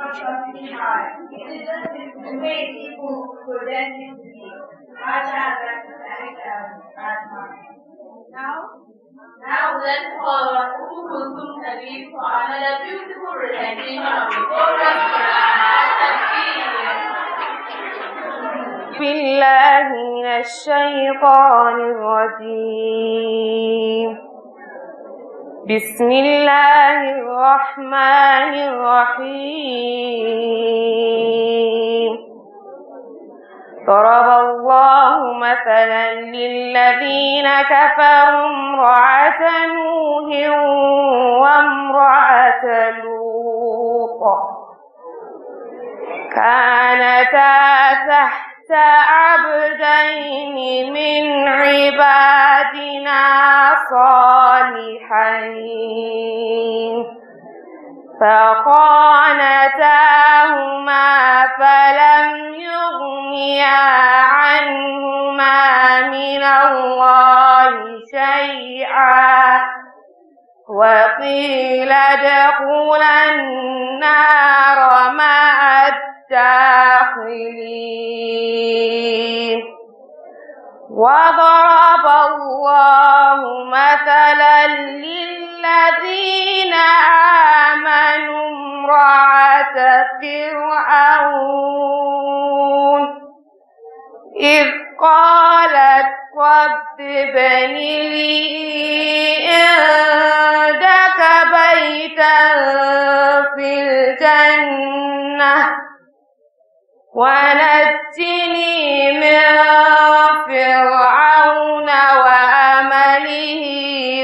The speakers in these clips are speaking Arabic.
Now, now let's follow who Kulsum Khalif for another beautiful recitation of the Quran. بالله من الشيطان الرجيم بسم الله الرحمن الرحيم ضرب الله مثلا للذين كفروا امرأة نوح وامرأة لوط كانتا تحت عبدين من عبادنا صالحين حميم فخانتاهما فلم يغنيا عنهما من الله شيئا وقيل ادخلا النار مع الداخلين وضرب الله مثلا للذين آمنوا امرأة فرعون إذ قالت رب ابن لي عندك بيتا في الجنة ونجني من فرعون وأمله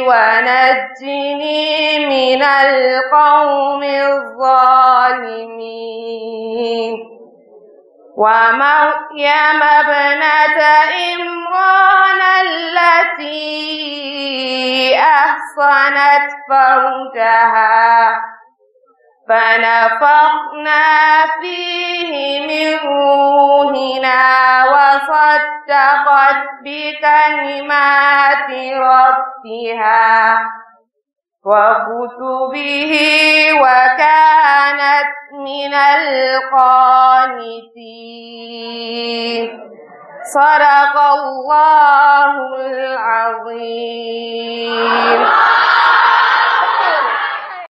ونجني من القوم الظالمين ومريم ابنة إمران التي أحصنت فرجها فنفخنا فيه من روحنا وصدقت بكلمات ربها وكتبه وكانت من القانتين صدق الله العظيم